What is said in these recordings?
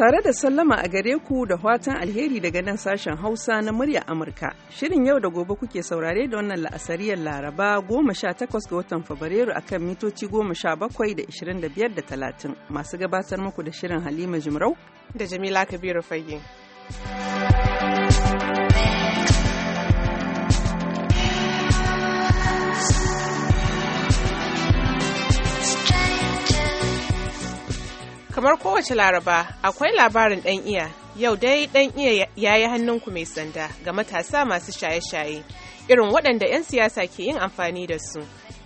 Tare da sallama a gare ku da watan alheri daga nan sashen Hausa na murya Amurka. Shirin yau da gobe kuke saurare da wannan la'asariyar Laraba 18 ga watan Fabrairu akan mitoci 17 da 25 da 30. Masu gabatar muku da shirin Halima Jimrau da Jamila Kabiru Fage. kamar kowace laraba akwai labarin ɗan iya yau dai ɗan iya ya yi hannunku mai sanda ga matasa masu shaye-shaye irin waɗanda 'yan siyasa ke yin amfani da su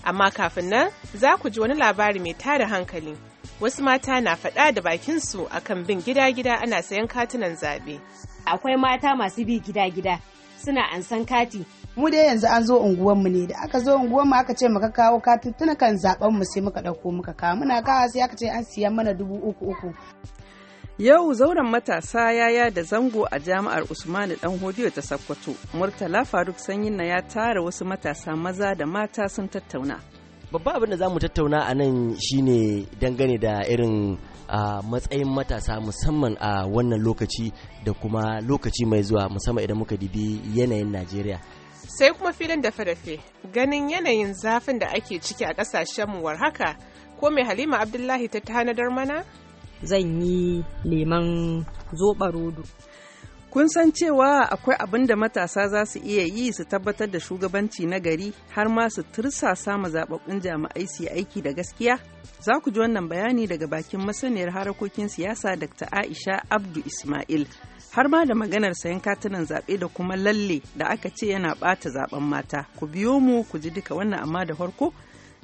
amma kafin nan za ku ji wani labari mai tada hankali wasu mata na faɗa da bakinsu akan bin gida-gida ana sayan katunan zaɓe akwai mata masu bi gida-gida suna ansan kati mu dai yanzu an zo unguwan mu ne da aka zo unguwan aka ce muka kawo katuntuna kan zaben mu sai muka dauko muka kawo muna kawo sai aka ce an siya mana dubu uku uku Yau zauren matasa yaya da zango a jami'ar Usmanu Dan Hodiyo ta Sokoto. Murtala Faruk Sanyin na ya tara wasu matasa maza da mata sun tattauna. Babba abin da za mu tattauna a nan shine dangane da irin a matsayin matasa musamman a wannan lokaci da kuma lokaci mai zuwa musamman idan muka dibi yanayin Najeriya. sai kuma filin dafe-dafe ganin yanayin zafin da ake ciki a ƙasashenmu war haka ko mai halima abdullahi ta tanadar mana zan yi neman zoɓa rodo kun san cewa akwai abin da matasa za su iya yi su tabbatar da shugabanci na gari har ma su tursa tursasa zababbun jami'ai su aiki da gaskiya za ku ji wannan bayani daga bakin masaniyar harakokin siyasa dr aisha abdu ismail har ma da maganar sayan katunan zaɓe da kuma lalle da aka ce yana ɓata zaɓen mata ku biyo mu ku ji duka wannan amma da farko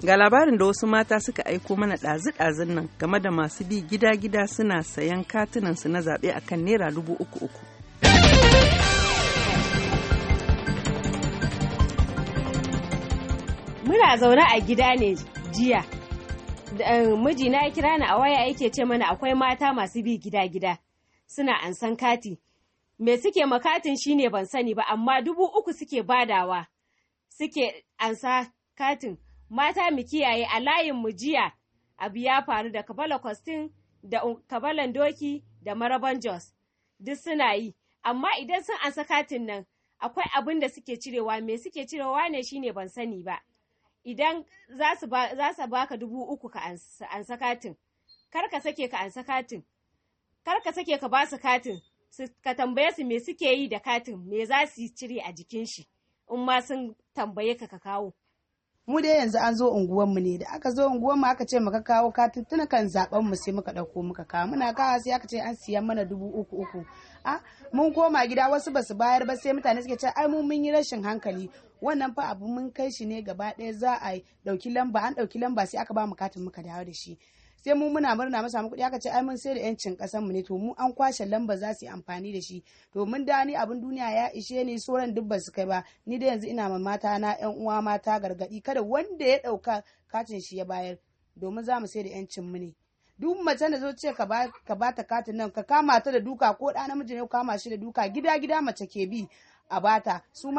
ga labarin da wasu mata suka aiko mana ɗazu-ɗazun nan game da masu bi gida-gida suna sayan katunansu na zaɓe akan naira dubu uku uku muna zaune a gida ne jiya eh, mijina ya kira ni a waya yake ce mana akwai mata masu bi gida-gida suna ansan kati me suke makatin shine ban sani ba amma dubu uku suke badawa suke ansa katin mata mu kiyaye a layin mu jiya abu ya faru da kabala kwastin da kabalan doki da maraban jos duk suna yi amma idan sun ansa katin nan akwai abin da suke cirewa me suke cirewa ne shine ban sani ba idan za su baka dubu uku ka ansa katin kar ka sake ka ansa katin kar ka sake ka ba su katin ka tambaye su me suke yi da katin me za su cire a jikin shi in ma sun tambaye ka ka kawo mu dai yanzu an zo unguwanmu ne da aka zo unguwanmu aka ce muka kawo katin tuna kan zaben mu sai muka dauko muka kawo muna kawo sai aka ce an siya mana dubu uku uku a ah, mun koma gida wasu basu bayar ba sai mutane suke ce ai mun mun yi rashin hankali wannan fa abu mun kai shi ne gaba ɗaya za a dauki lamba an dauki lamba sai aka ba mu katin muka dawo da shi sai mu muna murna mu samu kuɗi aka ce ai mun sai da yancin ƙasar mu ne to mu an kwashe lamba za su yi amfani da shi to mun da ni abin duniya ya ishe ni sauran duk ba su kai ba ni da yanzu ina ma mata na yan uwa mata gargaɗi kada wanda ya ɗauka katin shi ya bayar domin za mu sai da yancin mu ne duk mace da zo ce ka ba ta katin nan ka kama ta da duka ko ɗa namiji ne kama shi da duka gida gida mace ke bi a bata su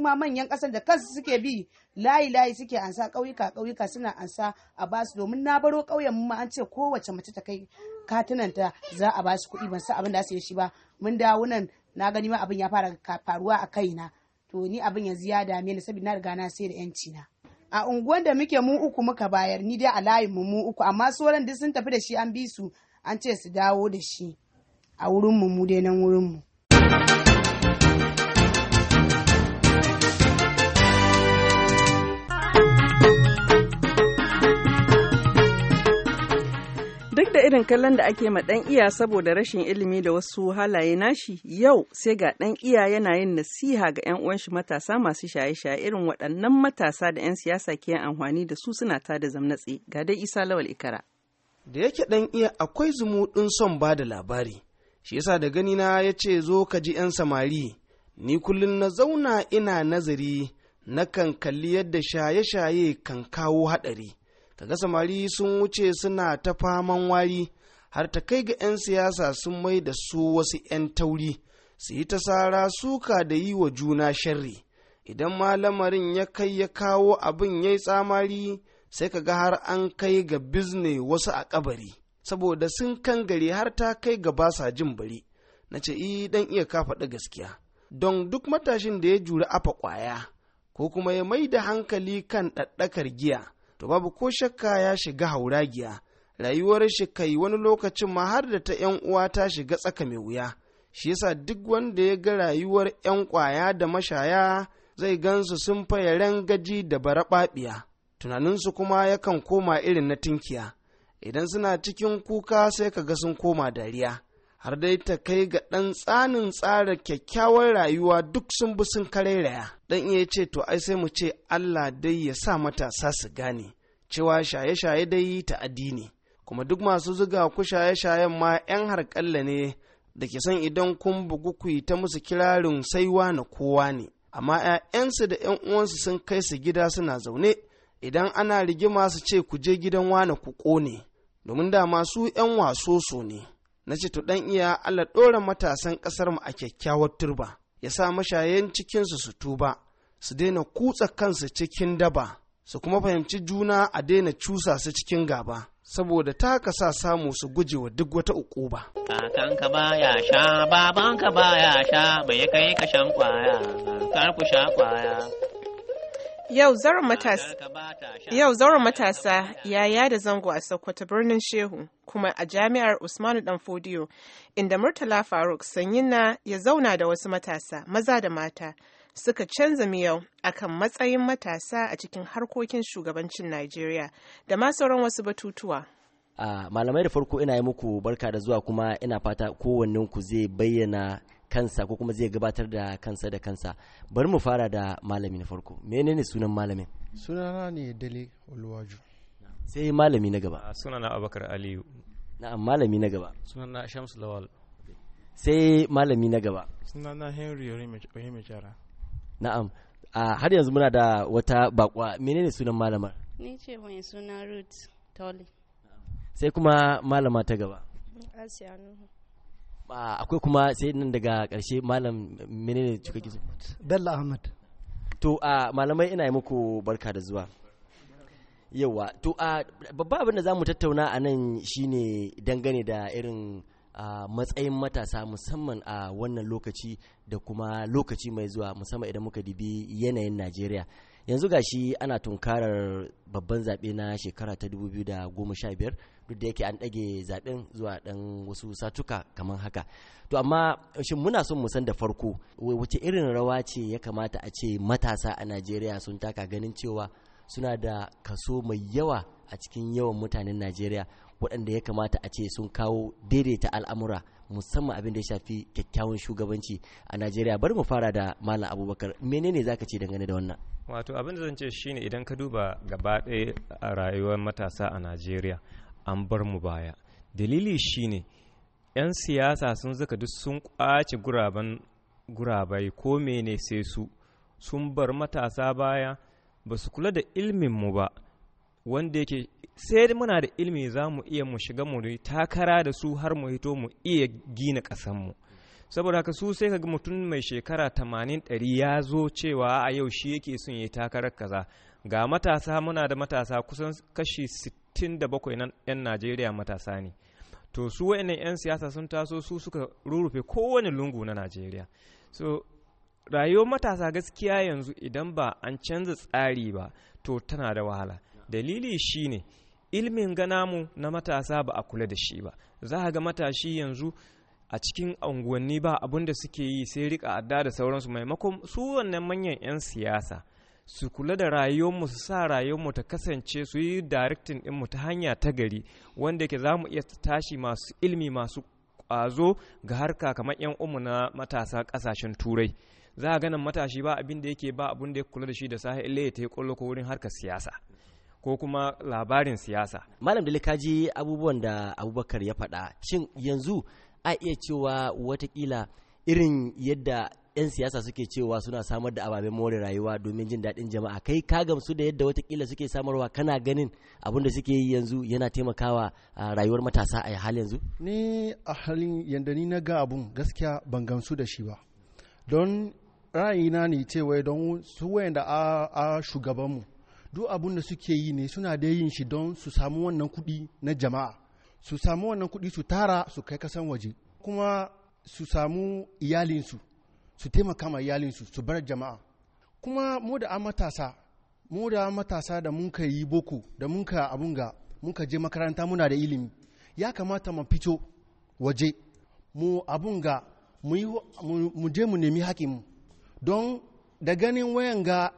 ma manyan kasar da kansu suke bi layi layi suke ansa kauyuka kauyuka suna ansa a basu domin na baro kauyen ma an ce kowace mace ta kai katunanta za a basu kuɗi ban san abin da su shi ba mun dawo nan na gani ma abin ya fara faruwa a kaina to ni abin yanzu ya dame ni saboda na riga na sai da yanci na a unguwan da muke mu uku muka bayar ni dai a layin mu mu uku amma sauran duk sun tafi da shi an bi su an ce su dawo da shi a wurin mu mu dai nan wurin mu Duk da irin kallon da ake ma ɗan iya saboda rashin ilimi da wasu halaye nashi, yau sai ga ɗan iya yana yin nasiha ga 'yan uwan shi matasa masu shaye-shaye irin waɗannan matasa da 'yan siyasa ke amfani da su suna tada zamnatsi ga dai Isa Lawal Ikara. Da yake ɗan iya akwai zumuɗin son ba da labari, shi yasa da gani na ya ce zo ka ji 'yan samari, ni kullum na zauna ina nazari, nakan kalli yadda shaye-shaye kan kawo haɗari. kaga samari sun wuce suna ta faman wari har ta kai ga 'yan siyasa sun mai da su wasu 'yan tauri su yi ta sara suka da yi wa juna sharri idan ma lamarin ya kai ya kawo abin ya yi tsamari sai ka ga har an kai ga bizne wasu a kabari saboda sun kan gari har ta kai ga basa jin bari na ce i eh, dan iya ka faɗi gaskiya don duk matashin da ya juri afa kwaya ko kuma ya mai da hankali kan ɗaɗɗakar giya to babu ko shakka ya shiga hauragiya rayuwar shi kai wani lokacin ma har da ta yan uwa ta shiga tsaka mai wuya shi yasa duk wanda ya ga rayuwar yan kwaya da mashaya zai gansu sun faya gaji da baraɓaɓiya tunaninsu kuma yakan koma irin na tinkiya idan suna cikin kuka sai ka ga sun koma dariya har dai ta kai ga ɗan tsanin tsara kyakkyawar rayuwa duk sun bi sun karairaya dan iya ce to ai sai mu ce Allah dai ya sa matasa su gane cewa shaye-shaye dai ta addini kuma duk masu zuga ku shaye-shayen ma 'yan harƙalla ne da ke san idan kun bugu ku yi ta musu kirarin saiwa na kowa ne amma 'ya'yansu da 'yan uwansu sun kai su gida suna zaune idan ana rigima su ce ku je gidan wane ku ƙone domin da masu 'yan waso ne na ce to dan iya Allah ɗora matasan ƙasar mu a kyakkyawar turba ya sa mashayan cikinsu su tuba su daina kutsa kansu cikin daba su kuma fahimci juna a daina cusa su cikin gaba saboda ta ka sa samu su guje wa duk wata ukuba. Kakanka baya sha, babanka baya sha, bai kai ka shan kwaya, kar ku sha kwaya. Yau zauren matasa ya yada zango a Sokoto birnin Shehu kuma a jami'ar Usmanu Danfodiyo inda Murtala Faruk Sanyina ya zauna da wasu matasa maza da mata suka canza miyau akan matsayin matasa a cikin harkokin shugabancin Najeriya da ma sauran wasu batutuwa. Uh, malamai da farko ina yi muku barka da zuwa kuma ina fata kowanninku ku zai bayyana kansa ko kuma zai gabatar da kansa da kansa bari mu fara da malami na farko menene sunan malamin sunana ne dale oluwaju sai malami na gaba ah, sunana abakar aliyu na'am malami na gaba sunana shamsu lawal sai malami na gaba sunana henry ohimechara na'am ah, har yanzu muna da wata bakwa menene sunan malamar ni ce mai sunan ruth tolly sai kuma malama ta gaba asiya nuhu Ah, akwai kuma sai nan daga karshe malam menene cika gizo bello ahmad to a ah, malamai ina yi muku barka da zuwa yauwa to a ah, babba abin da za mu tattauna a nan shine dangane da irin matsayin matasa musamman a wannan lokaci da kuma lokaci mai zuwa musamman idan muka dibi yanayin najeriya yanzu gashi ana tunkarar babban zaɓe na shekara ta 2015 duk da yake an ɗage zaɓen zuwa ɗan wasu satuka kamar haka to amma shin muna son mu san da farko wace irin rawa ce ya kamata a ce matasa a najeriya sun taka ganin cewa suna da kaso mai yawa a cikin yawan mutanen najeriya waɗanda ya kamata a ce sun kawo daidaita al'amura musamman abin da ya shafi kyakkyawan shugabanci a najeriya bari mu fara da malam abubakar menene zaka ce dangane da wannan wato abin da zan ce shine idan ka duba gaba ɗaya a rayuwar matasa a najeriya an bar mu baya dalili shine 'yan siyasa sun zaka duk sun kwace guraben gurabai ko mene sai su sun bar matasa baya ba su kula da ilmin mu ba wanda yake sai muna da ilmi za mu iya mu shiga mu takara da su har mu hito mu iya gina mu saboda haka su sai kaga mutum mai shekara tamanin ɗari ya zo cewa a yau shi yake son ya takarar kaza ga matasa muna da matasa kusan kashi 67 'yan najeriya matasa ne to su wa'annan 'yan siyasa sun taso su suka rurrufe kowane lungu na najeriya so rayuwar matasa gaskiya yanzu idan ba an canza tsari ba to tana da wahala dalili shine ilmin mu na matasa ba a kula da shi ba za ga matashi yanzu a cikin unguwanni ba abin da suke yi sai rika adda da sauransu maimakon su wannan manyan 'yan siyasa su kula da rayuwarmu su sa rayuwarmu ta kasance su yi directing ɗinmu ta hanya ta gari wanda yake za mu iya tashi masu ilmi masu ƙwazo ga harka kamar 'yan umu na matasa ƙasashen turai za a ganin matashi ba abin da yake ba abin da ya kula da shi da sahi ile ya ta yi ƙwallo ko wurin harkar siyasa ko kuma labarin siyasa malam dalika ji abubuwan da abubakar ya faɗa shin yanzu a iya cewa watakila irin yadda 'yan siyasa suke cewa suna samar da ababen more rayuwa domin jin daɗin jama'a kai ka gamsu da yadda watakila suke samarwa kana ganin abin da suke yi yanzu yana taimakawa rayuwar matasa a hal yanzu ni a halin yadda ni na ga abun gaskiya ban gamsu da shi ba don ra'ayina ne cewa don su wayanda a shugabanmu duk abun da suke yi ne suna da yin shi don su samu wannan kuɗi na jama'a su samu wannan kuɗi su tara su kai kasan waje kuma su samu iyalinsu su taimaka ma iyalinsu su bar jama'a kuma mu da matasa mu da matasa da mun ka yi boko da mun ka abun ga mun ka je makaranta muna da ilimi ya kamata mu fito waje mu abun ga mu je mu nemi mu don da ganin wayan ga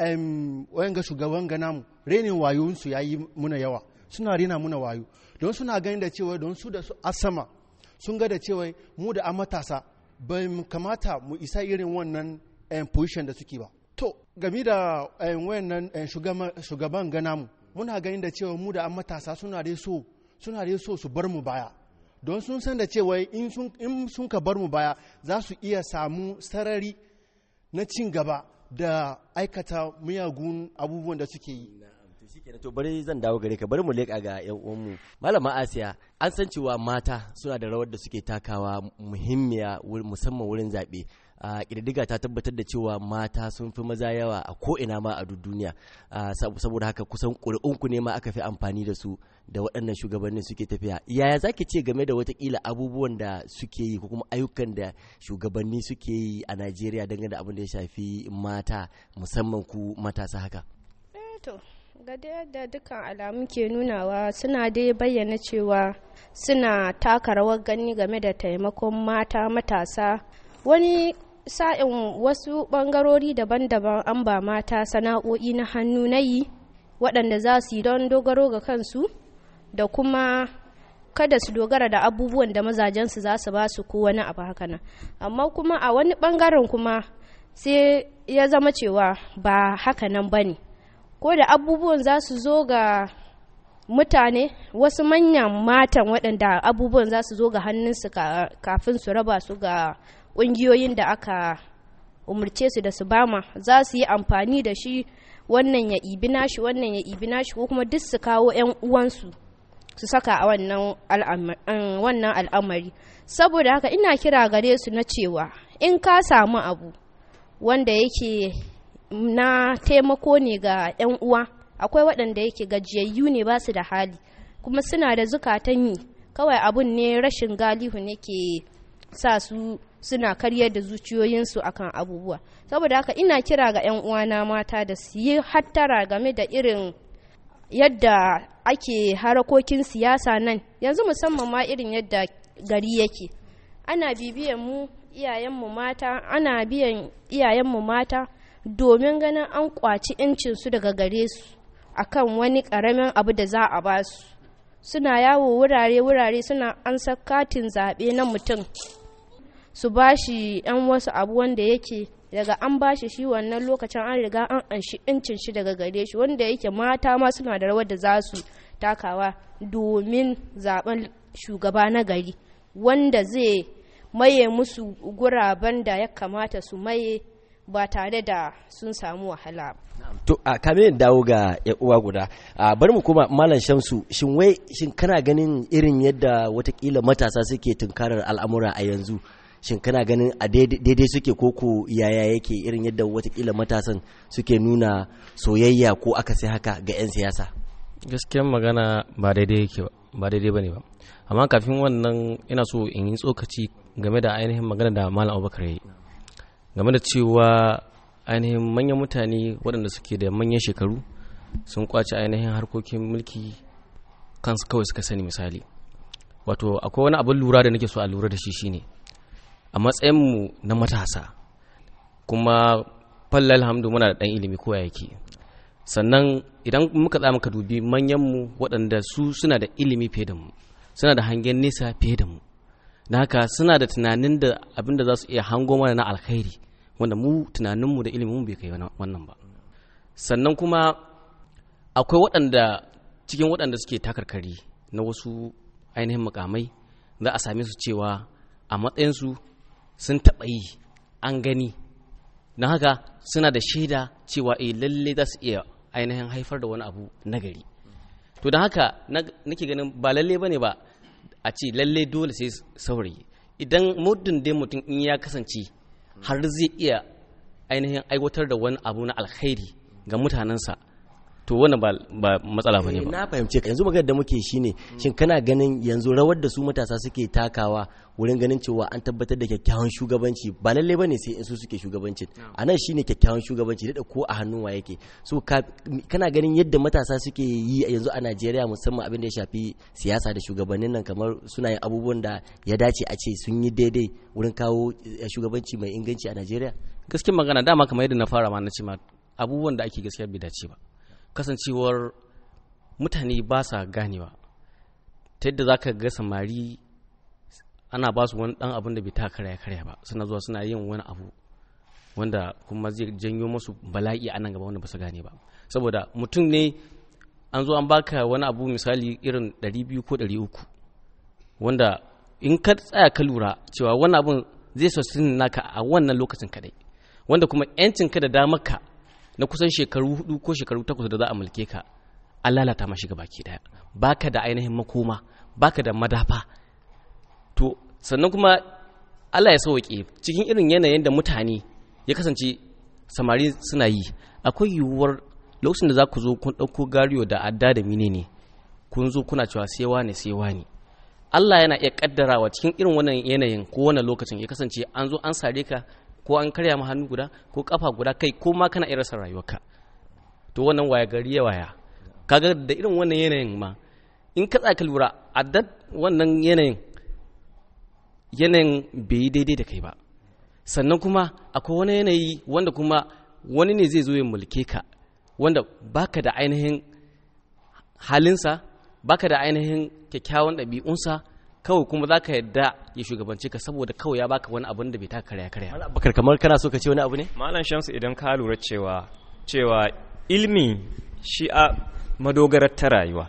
wayan ga shugaban ga namu renin wayoyinsu ya yi muna yawa suna rena muna wayo don suna ganin da cewa don su da su asama sun ga da cewa mu da matasa bai kamata mu isa irin wannan eh, position da suke ba to game da eh, wayannan eh, shugaban gana mu muna ganin da cewa mu da an matasa suna da so suna da so su bar mu baya don sun san da cewa in sun ka bar mu baya za su iya samu sarari na cin gaba da aikata miyagun abubuwan da suke yi to shikenan to bari zan dawo gare ka bari mu leƙa ga yan uwanmu malama asiya an san cewa mata suna da rawar da suke takawa muhimmiya musamman wurin zaɓe a ta tabbatar da cewa mata sun fi maza yawa a ko'ina ma a duk duniya saboda haka kusan ƙuri'unku ne ma aka fi amfani da su da waɗannan shugabannin suke tafiya yaya zaki ce game da watakila abubuwan da suke yi ko kuma ayyukan da shugabanni suke yi a najeriya dangane da abin da ya shafi mata musamman ku matasa haka eh, ga yadda dukkan alamu ke nunawa suna dai bayyana cewa suna taka rawar gani game da taimakon mata matasa wani sa'in wasu bangarori daban-daban an ba mata sana'o'i na hannu na yi waɗanda za su yi don dogaro ga kansu da kuma kada su dogara da abubuwan da mazajensu za su ba su ko wani abu haka nan amma kuma a wani bangaren kuma sai ya zama cewa ba haka nan ba ne ko da abubuwan za su zo ga mutane wasu manyan matan waɗanda abubuwan za su zo ga hannunsu kafin su raba su ga ƙungiyoyin da aka umarce su da su bama za su yi amfani da shi wannan ya ibi nashi wannan ya ibi nashi ko kuma duk su kawo 'yan uwansu su saka a um, wannan al'amari saboda haka ina kira gare su na cewa in ka samu abu wanda yake na taimako ne ga 'yan uwa akwai waɗanda yake gajiyayyu ne ba su da hali kuma suna da zukatan yi kawai abun ne rashin galihu ne ke sa su suna karyar da zuciyoyinsu akan abubuwa saboda haka ina kira ga 'yan uwa na mata da su yi hattara game da irin yadda ake harakokin siyasa nan yanzu musamman ma irin yadda gari yake ana bibiyan mu iyayenmu mata ana biyan iyayenmu mata domin ganin an kwaci su daga gare su akan wani karamin abu da za a basu suna yawo wurare-wurare suna ansa katin zaɓe na mutum su ba shi 'yan wasu abu wanda yake daga an ba shi shi wannan lokacin an riga an anshi incin shi daga gare shi wanda yake mata ma suna da rawar da za su takawa domin zaben shugaba na gari wanda zai maye musu guraben da ya kamata su maye ba tare da sun samu wahala to a kame dawo ga uwa guda bari mu kuma malam shamsu shin wai shin kana ganin irin yadda watakila matasa suke tunkarar al'amura a yanzu shin kana ganin a daidai suke koko yaya yake irin yadda watakila matasan suke nuna soyayya ko aka sai haka ga 'yan siyasa gaskiyan magana ba daidai yake ba ba daidai ba amma kafin wannan ina so in yi tsokaci game da ainihin magana da malam abubakar yi. game da cewa ainihin manyan mutane waɗanda suke da manyan shekaru sun kwace ainihin harkokin mulki kansu kawai suka sani misali wato akwai wani abin lura da nake so a lura da shi shine a matsayinmu na matasa kuma falla alhamdu muna da ɗan ilimi ko yake sannan idan muka tsama ka dubi manyanmu waɗanda su suna da ilimi fiye da mu suna da hangen nesa fiye da mu da haka suna da tunanin da abin da za su iya hango mana na alkhairi wanda mu tunaninmu da ilimin bai kai wannan ba sannan kuma akwai waɗanda cikin waɗanda suke takarkari na wasu ainihin mukamai za a same su cewa a matsayinsu sun taɓa yi an gani na haka suna da shaida cewa eh lalle za su iya ainihin haifar da wani abu nagari to da haka nake ganin ba lalle ne ba a ce lalle dole sai saurayi idan muddin dai mutum in ya kasance har zai iya ainihin aiwatar da wani abu na alkhairi ga mutanensa to wannan ba ba matsala bane eh, ba na fahimce ka yanzu magana da muke shine shin kana ganin yanzu rawar da su matasa suke takawa wurin ganin cewa an tabbatar da kyakkyawan shugabanci ba lalle bane sai in su suke shugabanci a nan shine kyakkyawan shugabanci da ko a hannun wa yake so kana ganin yadda matasa suke yi yanzu a Najeriya musamman abin da ya shafi siyasa da shugabannin nan kamar suna yin abubuwan da ya dace a ce sun yi daidai wurin kawo eh, shugabanci mai inganci a Najeriya gaskiya magana dama kamar yadda na fara ma na ce ma abubuwan da ake gaskiya bai dace ba kasancewar mutane ba sa ganewa ta yadda za ka ga samari ana ba su wani dan abin da bai ta karya karya ba suna zuwa suna yin wani abu wanda kuma zai janyo masu bala'i a nan gaba wanda ba su gane ba saboda mutum ne an zo an baka wani abu misali irin 200 ko 300 wanda in ka tsaya ka lura cewa wani abun zai sosin naka a wannan lokacin kadai wanda kuma yancin ka da damar ka na kusan shekaru hudu ko shekaru takwas da za a mulke ka an lalata mashi baki daya baka da ainihin makoma baka da madafa to sannan kuma Allah ya sauke cikin irin yanayin da mutane ya kasance samari suna yi akwai yiwuwar lokacin da za ku zo kun ɗauko gariyo da adda da mine ne kun zo kuna cewa sai wane sai wane Allah yana iya ƙaddarawa cikin irin wannan yanayin ko wannan lokacin ya kasance an zo an sare ka ko an karya ma hannu guda ko kafa guda kai ko ma kana iya rasa rayuwarka to wannan waya gari ya waya kaga da irin wannan yanayin ma in ka tsaka lura a wannan yanayin yanayin bai yi daidai da kai ba sannan kuma akwai wani yanayi wanda kuma wani ne zai zo ya mulke ka wanda baka da ainihin halinsa baka da ainihin kyakkyawan ɗabi'unsa kawai kuma za ka yadda ya shugabanci ka saboda kawai ya baka wani abin da bai ta karya karya malam bakar kamar kana so ka ce wani abu ne malam shamsu idan ka lura cewa cewa ilmi shi a madogarar ta rayuwa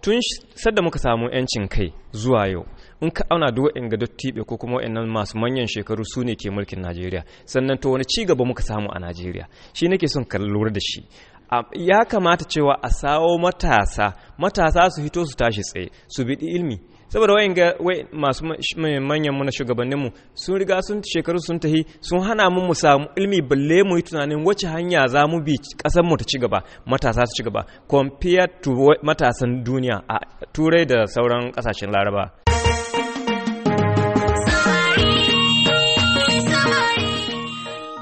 tun sadda muka samu yancin kai zuwa yau in ka auna duk wa'in ga dottibe ko kuma wa'in masu manyan shekaru su ne ke mulkin najeriya sannan to wani ci gaba muka samu a najeriya shi nake son ka lura da shi ya kamata cewa a sawo matasa matasa su hito su tashi tsaye su biɗi ilmi saboda wayan ga masu manyan mu na shugabannin mu sun riga sun shekaru sun tahi sun hana mu mu samu ilmi balle mu yi tunanin wace hanya za mu bi kasar mu ta ci gaba matasa su ci gaba compared to matasan duniya a turai da sauran kasashen laraba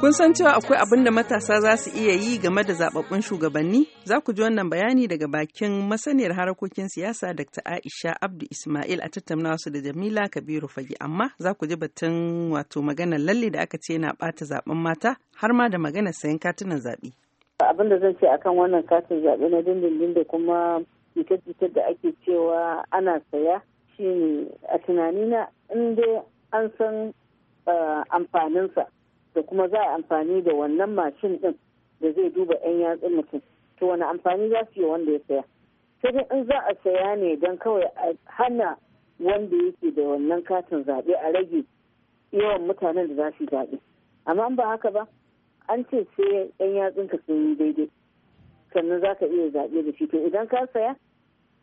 Kun san cewa akwai abin da matasa za su iya yi game da zababbun shugabanni? Za ku ji wannan bayani daga bakin masaniyar harakokin siyasa Dr. Aisha Abdu Ismail a tattauna su da Jamila Kabiru Fagi amma za ku ji batun wato maganar lalle da aka ce yana bata zaben mata har ma da maganar sayan katunan zaɓe. Abin da zan ce akan wannan katin zaɓe na dindindin da kuma jita-jitar da ake cewa ana saya shine a tunanina in dai an san eh, amfaninsa da kuma za a amfani da wannan mashin din da zai duba 'yan yatsun mutum to wani amfani za su yi wanda ya saya sai dai in za a saya ne don kawai a hana wanda yake da wannan katin zaɓe a rage yawan mutanen da za su zaɓe amma ba haka ba an ce sai 'yan ka sun yi daidai sannan za ka iya zaɓe da shi to idan ka saya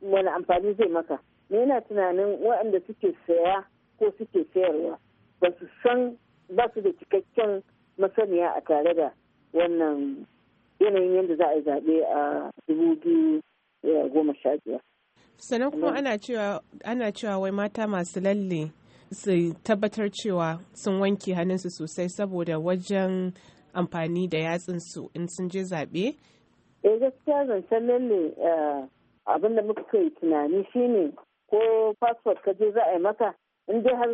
wani amfani zai maka ni yana tunanin waɗanda suke saya ko suke sayarwa ba su san ba su da cikakken masaniya a tare da wannan yanayin yadda za a zaɓe a dubu biyu goma sha biyar. sannan kuma ana cewa wai mata masu lalle su tabbatar cewa sun wanke hannunsu sosai saboda wajen amfani da yatsunsu in sun je zaɓe? eh gaskiya zancen lalle eh, abin da muka kai tunani shine ko fasfot ka je za a yi maka in dai har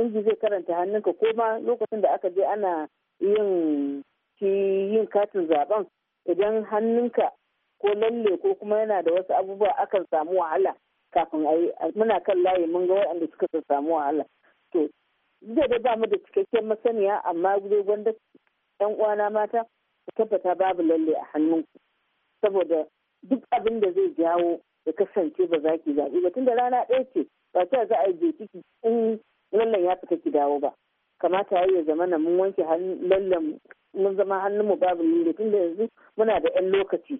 inji zai karanta hannunka ko ma lokacin da aka je ana yin yin katin zaben idan hannunka ko lalle ko kuma yana da wasu abubuwa akan samu wahala kafin a yi muna kan layi mun ga waɗanda suka samu wahala to zai da ba mu da cikakken masaniya amma dai gwanda yan uwana mata ku tabbata babu lalle a hannunku saboda duk abin da zai jawo ya kasance ba za ki zaɓi ba tunda rana ɗaya ce ba ta za a yi jeki in lallan ya fita ki dawo ba kamata ya yi zamana mun wanke lallan mun zama hannun mu babu tun da yanzu muna da yan lokaci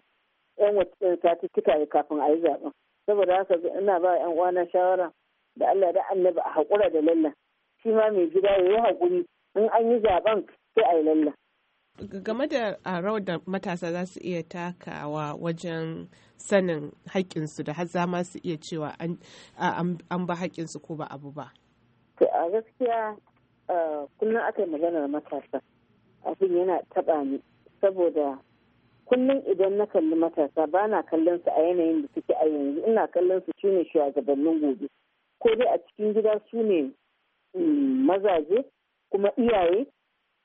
yan wata kafin a yi zaben saboda haka ina ba yan uwana shawara da Allah da annabi a haƙura da lallan shi ma mai gida ya yi haƙuri in an yi zaben sai a yi lallan game da rawar da matasa za su iya takawa wajen sanin haƙƙinsu da har za ma su iya cewa an ba haƙƙinsu ko ba abu ba? To a gaskiya kullum aka yi maganar matasa abin yana taɓa ni saboda kullum idan na kalli matasa ba na kallon su a yanayin da suke a yanzu ina kallon su shine shugabannin gobe ko dai a cikin gida su ne mm, mazaje kuma iyaye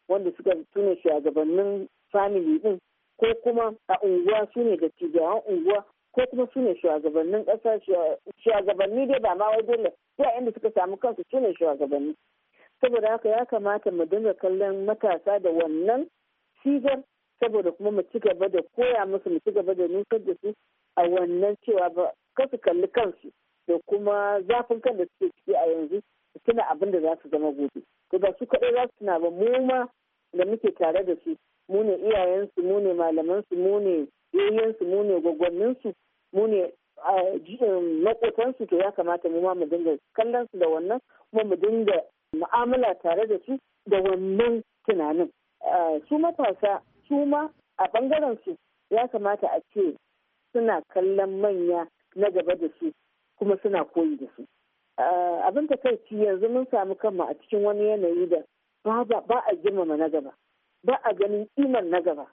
wanda suka su ne shugabannin family din ko kuma a unguwa su ne tijiyar unguwa ko kuma su ne shugabannin ƙasa shugabanni dai ba ma wajen dole ya inda suka samu kansu su ne shugabanni saboda haka ya kamata mu dinga kallon matasa da wannan sigar saboda kuma mu ci gaba da koya musu mu ci gaba da nusar da su a wannan cewa ba kasu kalli kansu da kuma zafin kan da suke ciki a yanzu su tuna abin da za su zama gobe ko ba su kaɗai za su tuna ba mu ma da muke tare da su mu ne iyayensu mu ne malamansu mu ne yayyensu mu ne gwagwanninsu mu ne makotansu to ya kamata mu ma mu dinga kallonsu da wannan kuma mu dinga mu'amala tare da su da wannan tunanin su matasa su ma a bangaren ya kamata a ce suna kallon manya na gaba da su kuma suna koyi da su abin takaici yanzu mun samu kanmu a cikin wani yanayi da ba a girmama na gaba ba a ganin iman na gaba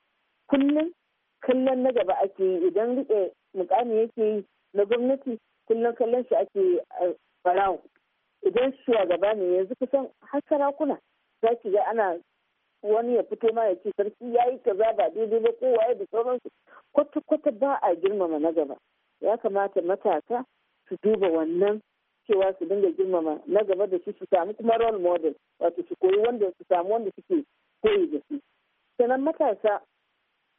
kullum kallon na gaba ake yi idan rike mukami yake yi na gwamnati kullum kallon shi ake farawo idan shugaba ne yanzu kusan har sarakuna za ki ga ana wani ya fito ma ya ce sarki ya yi kaza ba daidai ba kowa ya da sauransu kwata-kwata ba a girmama na gaba ya kamata matasa su duba wannan cewa su dinga girmama na gaba da shi su samu kuma role model wato su koyi wanda su samu wanda suke koyi da su sannan matasa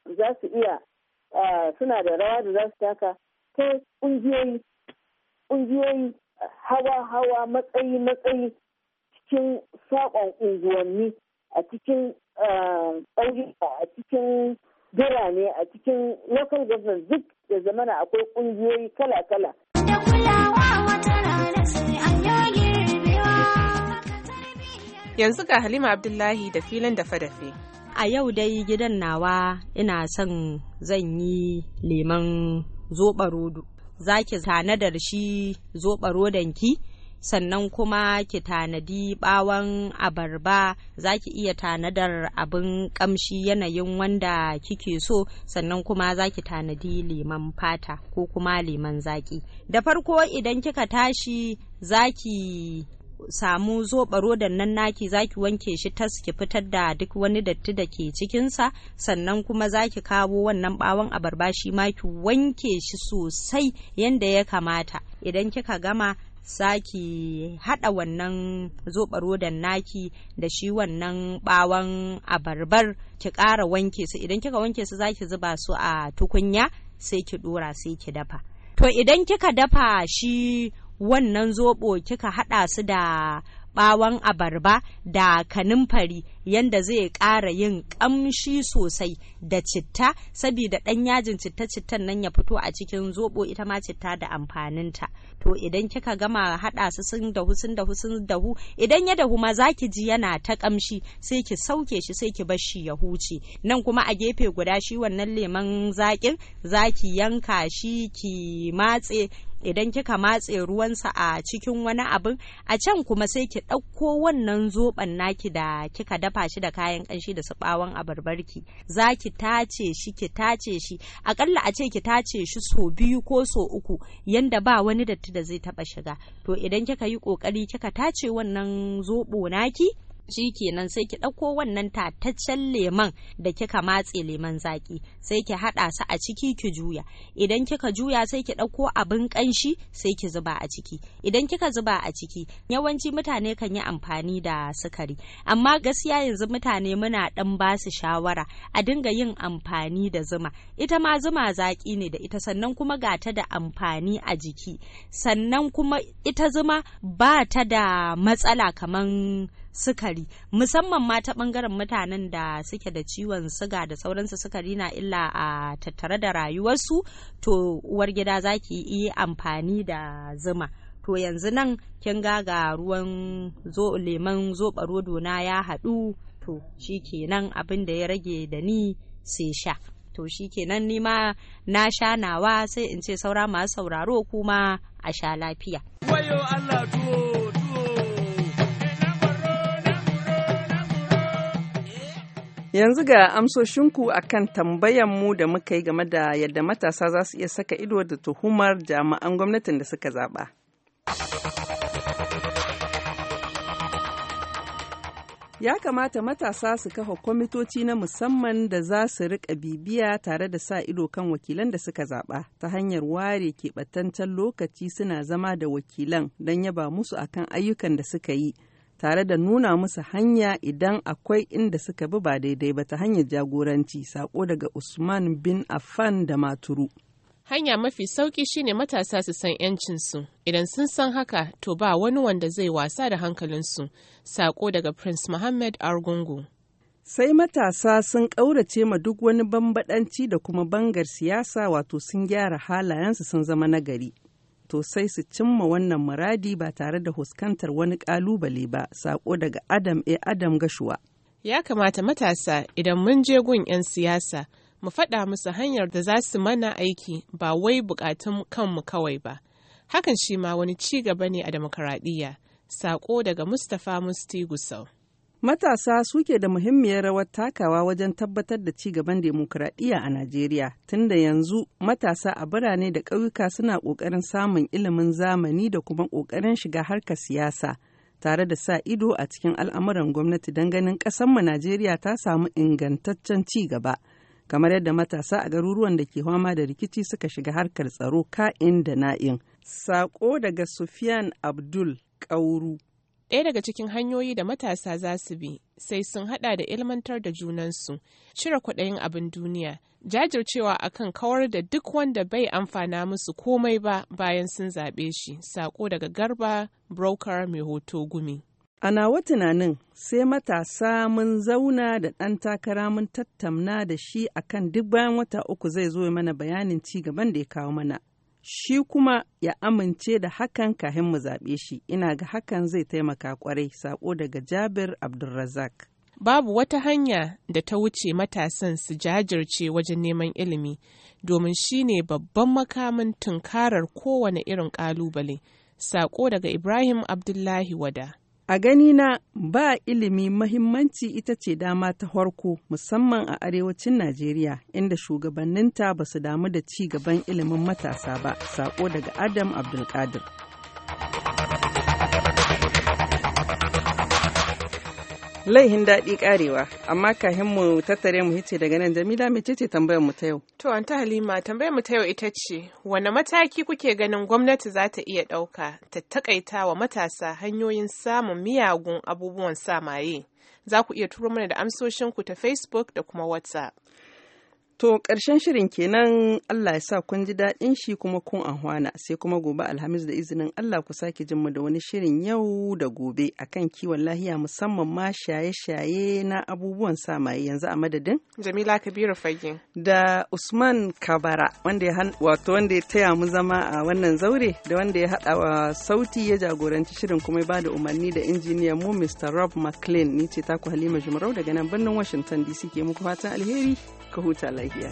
za su iya suna da rawa da za su taka ta ƙungiyoyi ƙungiyoyi hawa-hawa matsayi-matsayi cikin saƙon unguwanni a cikin ƙauyuka a cikin birane a cikin local government duk da zamana akwai ƙungiyoyi kala-kala. kulawa Yanzu ga Halima Abdullahi da filin dafe-dafe. A yau dai gidan nawa ina son zan yi leman zoɓa rodo. Za ki tanadar shi zoɓa ki sannan kuma ki tanadi ɓawon abarba za ki iya tanadar abin ƙamshi yanayin wanda kike so sannan kuma za ki tanadi leman fata ko kuma leman zaƙi. Da farko idan kika tashi za ki samu zoɓaro da nan naki zaki wanke shi tas ki fitar da duk wani datti da ke cikinsa sannan kuma zaki kawo wannan bawon abarba shi ma ki wanke shi sosai yanda ya kamata idan kika gama saki hada wannan da naki da shi wannan bawon abarbar ki ƙara wanke su idan kika wanke su zaki zuba su a tukunya sai ki ɗora sai ki dafa to idan kika dafa shi wannan zobo kika haɗa su da bawon abarba da kanunfari yanda zai ƙara yin ƙamshi sosai da citta saboda ɗan yajin citta-cittan nan ya fito a cikin zobo ita ma citta da amfaninta to idan kika gama haɗa su sun dahu sun dahu sun dahu idan ya dahu ma za ki ji yana ta ƙamshi sai ki sauke shi sai ki bar shi ya huce nan kuma a gefe guda shi wannan lemon zaƙin za ki yanka shi ki matse idan kika matse ruwansa a cikin wani abin a can kuma sai ki ɗauko wannan zoben naki da kika dafa shi da kayan ƙanshi da su ɓawon abarbarki za ki tace shi ki tace shi akalla a ce ki tace shi so biyu ko so uku yanda ba wani datti da zai taɓa shiga to idan kika yi ƙoƙari kika tace wannan zoɓo naki shi kenan sai ki ɗauko wannan tataccen lemon da kika matse lemon zaƙi sai ki haɗa su a ciki ki juya idan kika juya sai ki ɗauko abin ƙanshi sai ki zuba a ciki idan kika zuba a ciki yawanci mutane kan yi amfani da sukari amma gaskiya yanzu mutane muna ɗan ba su shawara a dinga yin amfani da zuma ita ma zuma zaƙi ne da ita sannan kuma ga ta da amfani a jiki sannan kuma ita zuma ba ta da matsala kaman sukari musamman ma ta bangaren mutanen da suke da ciwon suga da sauransu sukari na illa a tattare da rayuwarsu to uwar gida za ki yi amfani da zuma to yanzu nan kin ga ga ruwan zo leman zoɓa rodo na ya haɗu to shikenan abin da ya rage da ni sai sha to shikenan ni ma na sha nawa sai in ce saura masu sauraro kuma a sha lafiya. Wayo Allah Yanzu ga amsoshinku a kan mu da muka yi game da yadda matasa za su iya saka ido da tuhumar jami'an gwamnatin da suka zaɓa. Ya kamata matasa su kafa kwamitoci na musamman da za su riƙa bibiya tare da sa ido kan wakilan da suka zaɓa ta hanyar ware keɓantaccen lokaci suna zama da wakilan don yaba musu akan ayyukan da suka yi. tare da nuna musu hanya idan akwai inda suka bi ba daidai ba ta hanyar jagoranci sako daga Usman bin Affan da Maturu. Hanya mafi sauki shine matasa su san 'yancinsu, idan sun san haka to ba wani wanda zai wasa da hankalinsu, sako daga Prince mohammed Argungu. sai matasa sun ƙaurace ma duk wani bambaɗanci da kuma bangar siyasa wato sun gyara halayensu sun zama nagari sosai su cimma wannan muradi ba tare da huskantar wani kalubale ba sako daga adam e adam gashuwa ya kamata matasa idan mun je gun 'yan siyasa mu faɗa musu hanyar da za su mana aiki ba wai buƙatun kanmu kawai ba hakan shi ma wani ci gaba ne a demokaradiyya sako daga mustafa musti gusau Matasa suke da muhimmiyar rawar takawa wajen tabbatar da ci gaban demokuraɗiyya a Najeriya, tunda yanzu matasa a birane da ƙauyuka suna ƙoƙarin samun ilimin zamani da kuma ƙoƙarin shiga harkar siyasa, tare da sa ido a cikin al'amuran gwamnati don ganin ƙasanmu Najeriya ta samu ingantaccen ci gaba, kamar yadda matasa a garuruwan da ke fama da rikici suka shiga harkar tsaro ka'in da na'in. Saƙo daga Sufiyan Abdul ƙauru. Ɗaya daga cikin hanyoyi da matasa za su bi sai sun haɗa da ilmantar da junansu, cire kwaɗayin abin duniya, jajircewa akan kawar da duk wanda bai amfana musu komai ba bayan sun zaɓe shi, sako daga garba broker mai hoto gumi. A nawa tunanin sai matasa mun zauna da ɗan takara mun tattamna da shi akan duk bayan wata uku zai zo mana bayanin ci gaban da ya kawo mana. shi kuma ya amince da hakan kahin mu zaɓe shi ina ga hakan zai taimaka kwarai sako daga jabir abdulrazak babu wata hanya da ta wuce matasan su jajirce wajen neman ilimi domin shi ne babban makamin tunkarar kowane irin ƙalubale sako daga ibrahim abdullahi wada A gani na ba ilimi mahimmanci ita ce dama ta harko musamman a arewacin Najeriya inda shugabanninta ba su damu da ci gaban ilimin matasa ba, sako daga Adam Abdulkadir. laihin daɗi ƙarewa amma kahin mu tattare mu hice daga nan jamila mecece tambayar mu ta yau to an ta halima tambayar mu ta yau ita ce wane mataki kuke ganin gwamnati za ta iya ɗauka ta taƙaita wa matasa hanyoyin samun miyagun abubuwan samaye za ku iya turo mana da amsoshinku ta facebook da kuma whatsapp To ƙarshen shirin kenan Allah ya sa kun ji daɗin shi kuma kun anhwana sai kuma gobe Alhamis da izinin Allah ku sake jin mu da wani shirin yau da gobe akan kiwon lahiya musamman ma shaye-shaye na abubuwan samaye yanzu a madadin. Jamila Kabiru fage. Da Usman Kabara wanda ya wato wanda ya taya mu zama a wannan zaure da wanda ya haɗa wa sauti ya jagoranci shirin kuma ya bada umarni da injiniyan mu Mr. Rob McLean ni ce ta ku Halima Jumarau daga nan birnin Washington DC ke muku fatan alheri. ka huta lafiya.